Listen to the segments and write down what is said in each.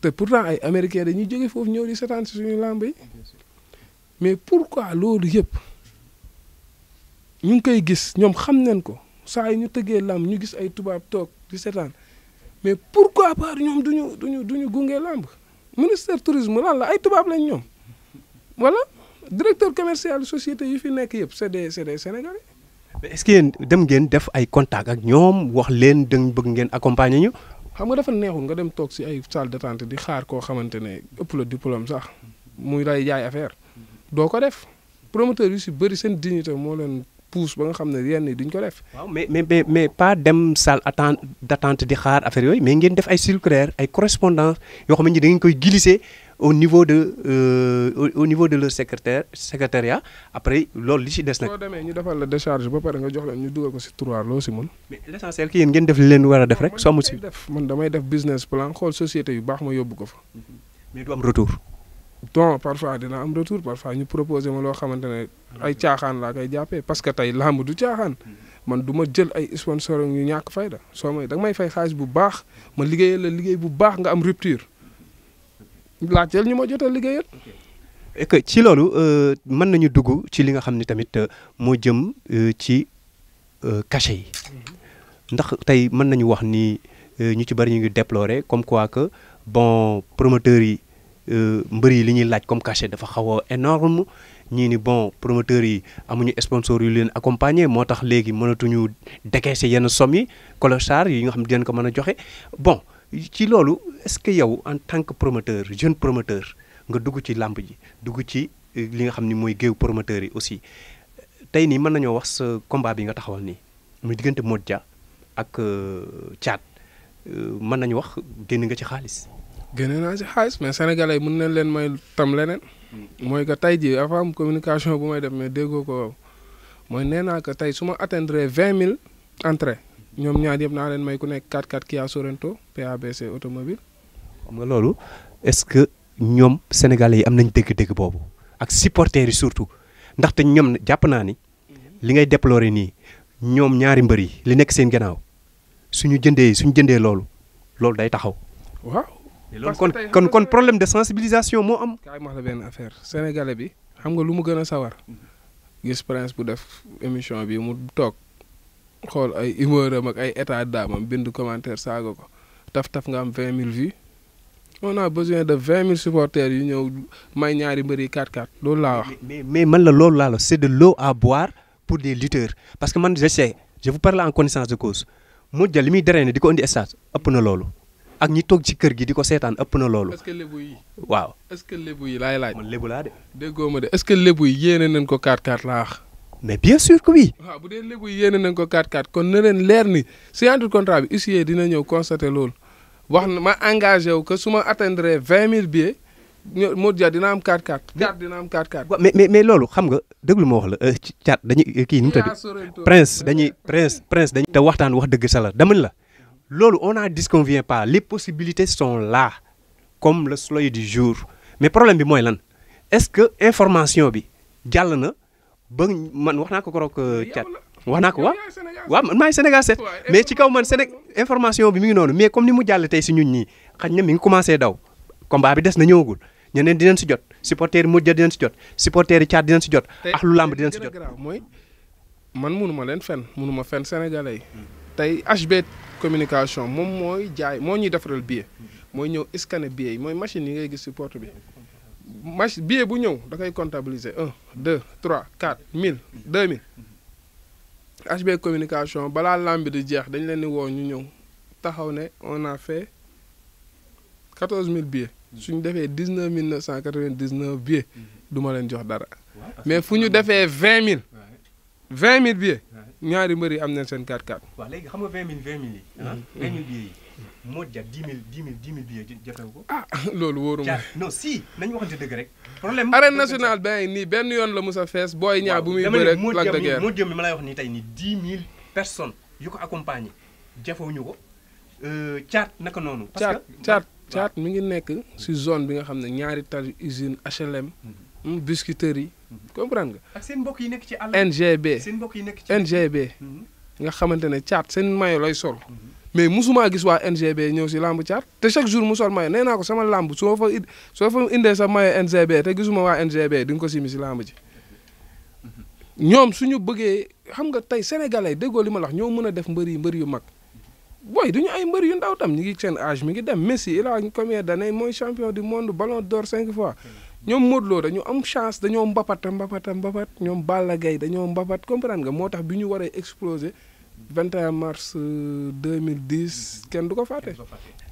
te pourtant ay américains dañuy jóge foofu ñëw di seetaan si suñu làmb yi mais pourquoi loolu yëpp ñu ngi koy gis ñoom xam nañ ko saa yi ñu tëggee làmb ñu gis ay tubaab toog di seetaan mais pourquoi pas ñoom duñu du ñu gunge làmb ministère tourisme lan la ay tubaab lañ ñoom voilà directeur commercial société yi fi nekk yëpp c'est des c'est des sénégalais. mais est dem ngeen def ay contact ak ñoom wax leen dañ bëgg ngeen accompagner ñu. xam nga dafa neexul nga dem toog si ay salle d'attente di xaar koo xamante ne ëpp la diplôme sax muy lay jaay affaire doo ko def promoteur yu si bëri seen dignité moo leen. pousse ba nga xam ne yenn yi duñ ko def. waaw mais mais mais pas dem salle attente d'attente di xaar affaire yooyu mais ngeen def ay circulaire ay correspondance yoo xam ne da ngeen koy au niveau de euh, niveau de leur secrétaire secrétariat après loolu li ci des nag. boo demee ñu defal la décharge ba pare nga jox leen ñu dugal ko ci tiroir loo ci mën. mais ki yéen ngeen def li leen war a def rek. soo mu ci def man damay def business plan xool société yu baax ma yóbbu ko fa. mais du don parfois dina am retour parfois ñu proposé ma loo xamante ne ay caaxaan laa koy jàppee parce que tey làmb du caaxaan man du ma jël ay sponsor ñu ñàkk fayda soo may da nga may fay xaalis bu baax ma liggéeyal la liggéey bu baax nga am rupture laajteel ñu ma jot a liggéeyal. et que ci loolu euh, mën nañu dugg ci li nga xam ni tamit euh, moo jëm euh, ci cachet yi mhm. ndax tey mën nañu wax ni ñu ci bari ñu ngi déplorer comme quoi que bon promoteurs yi. Euh, mbër yi li ñuy laaj comme cachet dafa xaw a énorme ñii ni bon promoteurs yi amuñu sponsor yu leen accompagner moo tax léegi mënatuñu décaisser yenn somme yi colossal yi nga xam ne dinañ ko mën a joxe bon ci loolu est-ce que yow en tant que promoteur jeune promoteur nga dugg ci làmb ji dugg ci euh, li nga xam ni mooy géew promoteur yi aussi tey nii mën nañoo wax sa combat bi nga taxawal nii mu diggante Modou Dia ak euh, Thiat mën nañu wax génn nga ci xaalis. génne naa si xaalis mais sénégalais yi mën nañ leen may tam leneen. mooy que tey jii avant communication bu may def mais déggoo ko mooy nee naa que tey su ma atteindre vingt mille entrées ñoom ñaari yëpp naa leen may ku nekk 4x4 Kia Sorento PABC automobile xam nga loolu est-ce que ñoom sénégalais yi am nañ dégg-dégg boobu ak supporters yi surtout ndaxte ñoom jàpp naa ni li ngay déplorer nii ñoom ñaari mbër yi li nekk seen gannaaw suñu jëndee suñu jëndee loolu loolu day taxaw kon kon kon problème de sensibilisation moo am. kaay ma la benn affaire sénégalais bi xam nga lu mu gën a sawar mm-hmm. gis prince bu def émission bi mu toog xool ay humeur am ak ay état d'âme bind commentaire saaga ko taf-taf nga am vingt mille vues on a besoin de vingt mille supporters yu ñëw may ñaari mbër yi 4 loolu laa wax. mais mais man la loolu laa la c'est de l'eau à boire pour des lutteurs parce que man je sais je vous parle en connaissance de cause mu jël li muy drainer di ko indi stade ëpp na loolu. ak ñi toog ci kër gi di ko seetaan ëpp na loolu. est-ce que lébu waaw est-ce que lébu yi laay laa de. déggoo ma de est-ce que lébu yi yéene nañ ko 4-4 laa wax. mais bien sûr que oui. waaw nañ ko 4-4 kon na leen leer ni si entre contrat bi huissier dina ñëw constater loolu wax na ma engagé wu que su ma atteindre 20 000 billets Modou Dia dina am 4-4. 4 dina am 4-4. waaw mais mais mais loolu xam nga déglu ma wax la euh, ci caat dañuy euh, kii nu mu tëdd. prince dañuy prince prince dañuy. te waxtaan wax dëgg sa la la. loolu on n'en disconvient pas les possibilités son la comme le soleil du jour mais problème bi mooy lan est-ce que information bi jàll na ba man wax naa ko korok cat euh, wax naa ko waaw waaw man maay Sénégal 7 mais ci kaw man Séné information bi mi ngi noonu mais comme ni mu jàll tey si ñun ñii xañ na mi ngi commencé daw combat bi des na ñëwagul ñeneen dinañ si jot supporter yi Modou dinañ si jot supporter yi Thiat dinañ si jot. ak lu làmb dinañ si jot. mooy man mënu ma leen fen mënu fen sénégalais tey HB communication moom mooy jaay moo ñuy defaral billet mooy ñëw scanner billet yi mooy machine yi ngay gis ci porte bi machine billet bu ñëw da koy comptabiliser un deux trois quatre mille deux mille HB communication balaa lamb bi jeex dañ leen di woo ñu ñëw taxaw ne on a fait quatorze mille billets suñu defee dix neuf mille neuf cent quatre vingt dix neuf billets du ma leen jox dara mais fu ñu defee vingt mille vingt mille billets ñaari mbër yi am na seen 4 4. waaw léegi xam nga 20 000 20 000 yi. ah 20 mm-hmm. 000 billets yi. moo jar 10 000 ko. ah loolu wóoru ma. non si nañu waxante dëgg rek. problème arène ba nii benn yoon la Moussa Fess booy ñaa bu muy bëre ak Lac de Guiers moo jëm mi ma lay wax nii tey nii 10 000 personnes yu ko accompagner jafewuñu ko caat euh, naka noonu. parce que caat caat ngi nekk si zone bi nga xam ne ñaari tali usine HLM. Mm-hmm. Hmm, biscuiterie yi. Mhm. comprendre nga. ak seen mbokk yi nekk ci àll. NGB seen yi nekk ci mhm. nga xamante ne caat seen mayo lay sol. Mhm. mais musuma gis waa NGB ñëw si lamb caat te chaque jour mu sol mayo nee naa ko sama làmb soo fa it soo fa indee sa mayo NGB te gisuma waa NGB di nga ko simi si lamb ji. ñoom suñu bëggee xam nga tey sénégalais déggoo li ma lax wax ñoo mën a def mbëri yi mbër yu mag booy ñu ay mbër yu ndaw tam ñu ngi seen âge mi ngi dem Messi il a combien d'années mooy champion du monde ballon d'or cinq fois. ñoom Modou Lo dañu am chance dañoo mbapat mbapat mbapat ñoom Balla Gaye dañoo mbapat comprendre nga moo tax bi ñu waree exploser 21 mars 2010 euh, kenn du ko fàtte.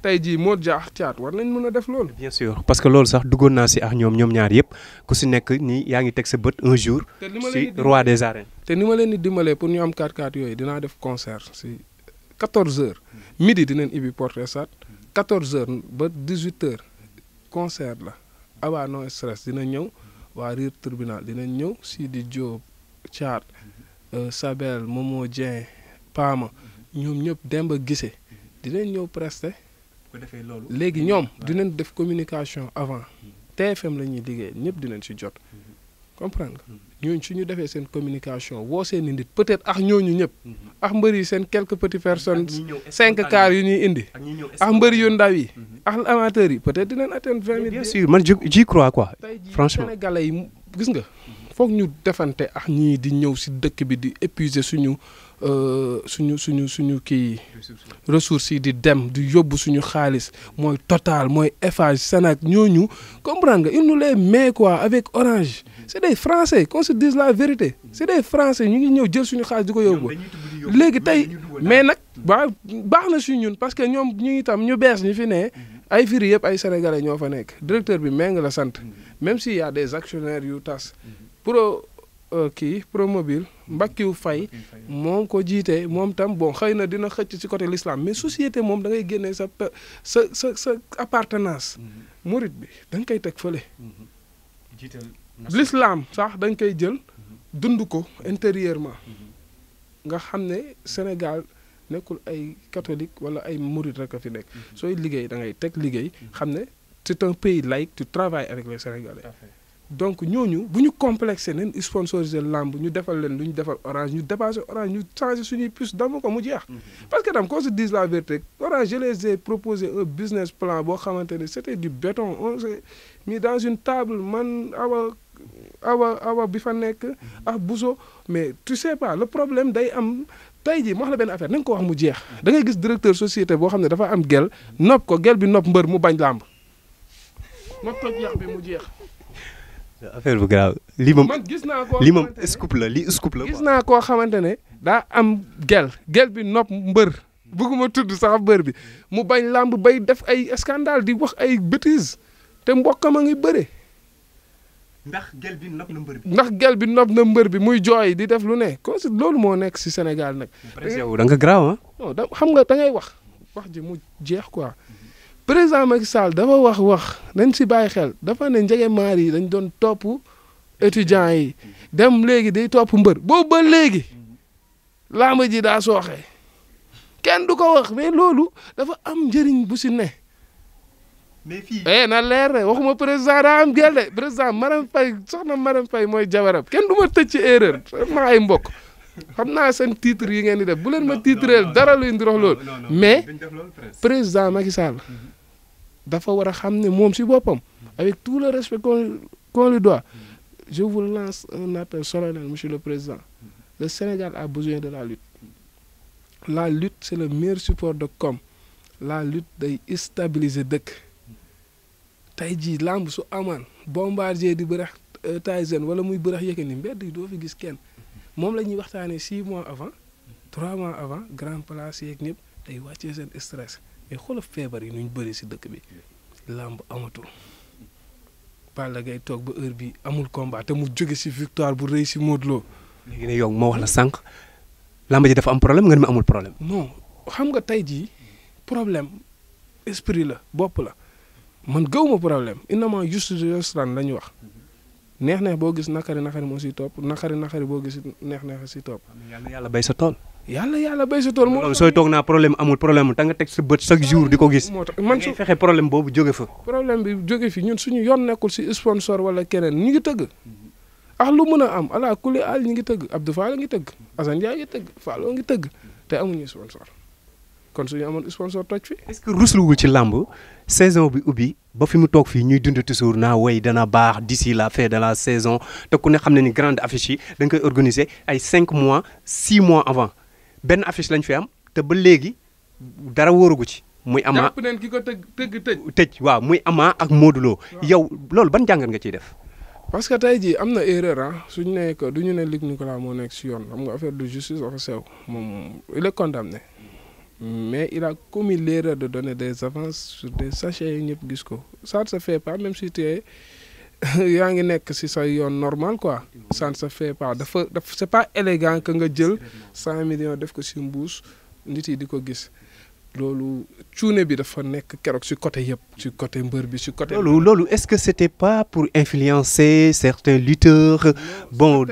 tey jii Modou Dia ak Thiat war nañ mën a def loolu. bien sûr parce que loolu sax duggoon naa si ak ñoom ñoom ñaar yëpp ku si nekk nii yaa ngi teg sa bët un jour. si roi des arènes. te ni ma leen di dimbalee pour ñu am 4-4 yooyu dinaa def concert si 14h midi dinañ ibi porte stade 14h ba 18h concert la. Aba ah no stress dina ñëw waa Rire tribunal dina ñëw Sidi Diop Thiat euh, Sabel Momo Dieng Paama ñoom ñëpp a Gise dinañ ñëw prester. bu ko loolu léegi ñoom dinañ def communication avant TFM mm-hmm. la ñuy liggéey ñëpp dinañ ci jot. Mm-hmm. comprendre nga ñooñu su ñu defee seen communication woo seen i nit peut-être ak ñooñu ñëpp. Mhm. ak mbër yi seen quelques petites personnes. cinq cars yu ñuy indi. ak mbëri yu ndaw yi. Mhm. ak amateurs yi peut-être dinañ atteindre vingt mille. bien sûr man j'y crois quoi franchement tey gis nga. foog ñu defante ak ñii di ñëw si dëkk bi di épuiser suñu euh, suñu suñu suñu kii ressources yi di dem di yóbbu suñu xaalis mooy Total mooy effage Sénac ñooñu comprendre nga il nous les met quoi avec Orange c'est des français qu'on se dise la vérité c'est des français ñu ngi ñëw jël suñu xaalis di ko yóbbu léegi tey mais nag waaw baax na si ñun parce que ñoom ñu itam ñu bees ñu fi ne mhm. ay firi yëpp ay sénégalais ñoo fa nekk directeur bi méng la sant mhm. même si y des actionnaires yu tas mhm. pro euh, kii promobile mbakkiw fay moom ko jiitee moom tam boo xëy na dina xëcc ci côté lislaam mais société moom dangay génne génnee sa sa sa sa appartenance mm-hmm. murit bi da koy teg fële mm-hmm. l'islam sax da nga koy jël mm-hmm. dund ko intérieurment nga xam ne Sénégal nekkul ay catholique wala ay murit rek a fi nekk sooy liggéey da ngay teg liggéey xam ne c'est un pays laïque tu travailles avec les Sénégalais donc ñooñu bu ñu complexé nañ sponsoriser làmb ñu defal leen lu ñu defal orange ñu dépassé orange ñu changé suñuy puce dama ko mu jeex. Mhm. parce que tam ko se dise la vérité orange je les ai proposé business plan boo xamante ne c'était du béton on s'est mis dans une table man awa awa awa bi fa nekk mhm. ak buso mais tu sais pas le problème day am. tey jii ma wax la benn affaire na ko wax mu jeex da ngay gis directeur société boo xam ne dafa am gel nopp ko gel bi nopp mbër mu bañ làmb bi mu jeex affaire bu grave lii moom man gis naa koo lii moom scoop la lii gis naa koo xamante ne daa am gel gel bi nopp mbër bëgguma tudd sax mbër bi mu bañ làmb bay def ay scandale di wax ay bêtises te mbokkam a ngi bëre ndax gel bi nopp na mbër bi gel bi nopp na mbër bi muy jooy di def lu ne comme si loolu moo nekk si Sénégal nag yow da nga grave ah. xam nga da wax wax ji mu jeex quoi président Macky Sall dafa wax wax nañ si bàyyi xel dafa ne njege maar yi dañ doon topp étudiants yi dem léegi day topp mbër boobu ba léegi làmb ji daa sooxee kenn du ko wax mais loolu dafa am njëriñ bu si ne. mais eh, na leer de waxuma président daa am gel de président Marème Faye soxna Marème Faye mooy jabaram kenn du ma tëj ci erreur ma ay mbokk xam naa seen titre yi ngeen di def bu leen ma titreel dara luy ndirox lool mais président Macky Sall mhm. dafa war a xam ne moom si boppam avec tout le respect qu'on qu'on lui doit je vous lance un appel solennel monsieur le président le Sénégal a besoin de la lutte la lutte c'est le maire support de com la lutte day stabiliser dëkk tey jii lamb su amaan bombardier di bëreex euh, Tyson wala muy bëreex Yékini mbedd yi doo fi gis kenn moom la ñuy waxtaanee six mois avant trois mois avant grand place yeeg ñëpp day wàccee seen stress mais xoolal feebar yi nuñ bëri si dëkk bi làmb amatul Balla gay toog ba heure bi amul combat te mu jóge si victoire bu rëy si Modou Lo. léegi ne yow moo wax la sànq làmb ji dafa am problème nga ne amul problème. non xam nga tey jii problème esprit la bopp la man gëwuma problème innama juste restaurant la ñu wax. neex neex boo gis nakari nakari moo siy topp nakari nakari boo gis neex neex si topp. yàlla yàlla bay sa tool. yàlla yàlla béy sa tool moom sooy toog naa problème amul problème da nga teg sa bët chaque jour di ko gis moo tax man su fexe problème bi jóge fi ñun suñu yoon nekkul si sponsor wala keneen ñi ngi tëgg ah lu mën a am ala kuli al ñi ngi tëgg Abdou Fall ngi tëgg Assane Ndiaye ngi tëgg Fallou ngi tëgg te ñu sponsor kon suñu amoon sponsor toj fi est-ce que rusluwul ci làmb saison bi ubbi ba fi mu toog fii ñuy dund toujours naa way dana baax di si la fin de la saison te ku ne xam ne ni grande affiche yi dañ koy organiser ay cinq mois six mois avant benn affiche lañ fi am te ba léegi dara wóorugu ci. muy Ama jàpp neen ki ko tëgg tëgg tëj. tëj waaw muy Ama ak Modou yow loolu ban jàngat nga ciy def. parce que tey jii am na erreur ah suñu nee que du ñu ne Luc Nicolas moo nekk si yoon am nga affaire de justice dafa sew moom il est condamné mais il a commis l'erreur de donner des avances sur des sachets yi ñëpp gis ko ça se fait pas même si tu yaa ngi nekk ci sa yoon normal quoi ça ne se fait pas dafa dafa c'est pas élégant que nga jël cent millions def ko si mbuus nit yi di ko gis loolu cuune bi dafa nekk keroog si côté yëpp si côté mbër bi si côté. loolu loolu est-ce que c'était pas pour influencer certains lutteurs bon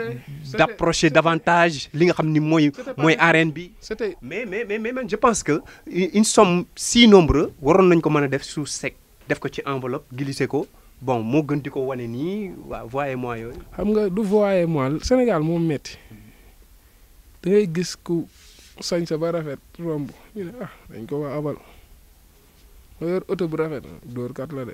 d'approcher davantage li nga xam ni mooy mooy arène bi. c'était mais mais mais man je pense que une somme si nombreuse waroon nañ ko mën a def sous sec def ko ci enveloppe glissé ko. bon moo gën di ko wane nii waaw voie moi yooyu. xam nga du voie moi Sénégal moom metti da ngay gis ku sañ sa ba rafet romb ñu ne ah dañ ko waa abal nga yor oto bu rafet dóor kat la de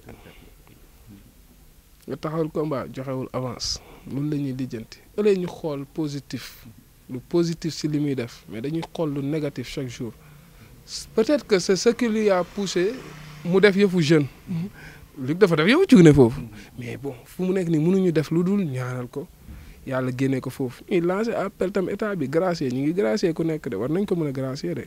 nga taxawul combat joxewul avance loolu la ñuy lijjanti ëllëg ñu xool positif lu positif si li muy def mais dañuy xool lu négatif chaque jour peut-être que c'est ce qui poussé mu def yëfu jeune. lu dafa def yow cuune foofu mais bon fu mu nekk nii mënuñu def lu dul ñaanal ko yàlla génne ko foofu ñuy lancé appel tam état bi gracier ñu ngi gracier ku nekk de war nañ ko mën a gracier de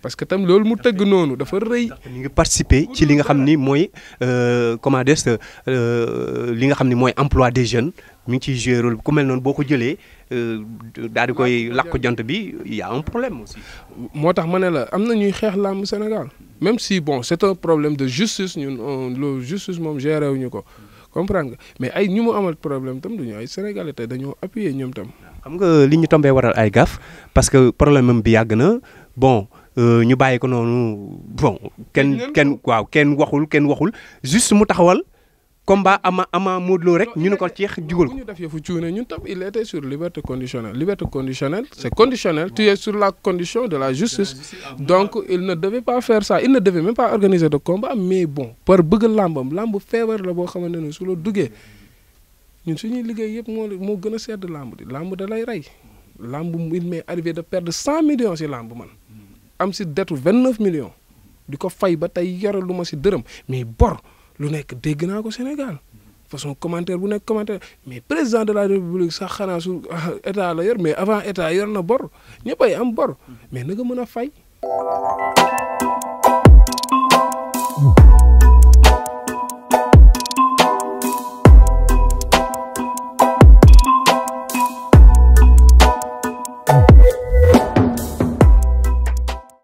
parce que tam loolu mu tëgg noonu dafa rëy. ñu ngi participer ci li nga xam ni mooy euh, comment dire euh, li nga xam ni mooy emploi des jeunes mi ngi ciy joué rôle ku mel noonu boo ko jëlee euh, daal di koy lakk jant bi y un problème aussi. moo tax ma ne la am na ñuy xeex làmb Sénégal. même si bon c'est un problème de justice ñun loolu justice moom géré wuñu ko comprendre nga mais ay ñi mu amal problème tam duñu ay sénégalais dañoo appuyer ñoom tam. xam nga li ñu tombee waral ay gaf parce que problème am bi yàgg na bon euh, ñu bàyyi ko noonu bon. kenn kenn waaw kenn waxul kenn waxul juste mu taxawal. combat ama ama Modou Lo rek ñu ne ko ceex jugal ko. ñu def yëfu cuune ñu tam il était sur liberté conditionnelle liberté conditionnelle c' est conditionnel tu es sur la condition de la justice donc il ne devait pas faire ça il ne devait même pas organiser de combat mais bon par bëgg làmbam làmb feebar la boo xamante ne su la duggee ñun suñuy liggéey yëpp moo moo gën a sedd lamb di làmb da lay rey làmb il m'est arrivé de perdre cent millions si làmb man am si dettu vingt neuf millions di ko fay ba tey yore lu si dërëm mais bor. lu nekk dégg naa ko Sénégal façon commentaire bu nekk commentaire mais président de la république sax xanaa su état la yor mais avant état yor na bor ñëppay am bor mais na nga mën a fay.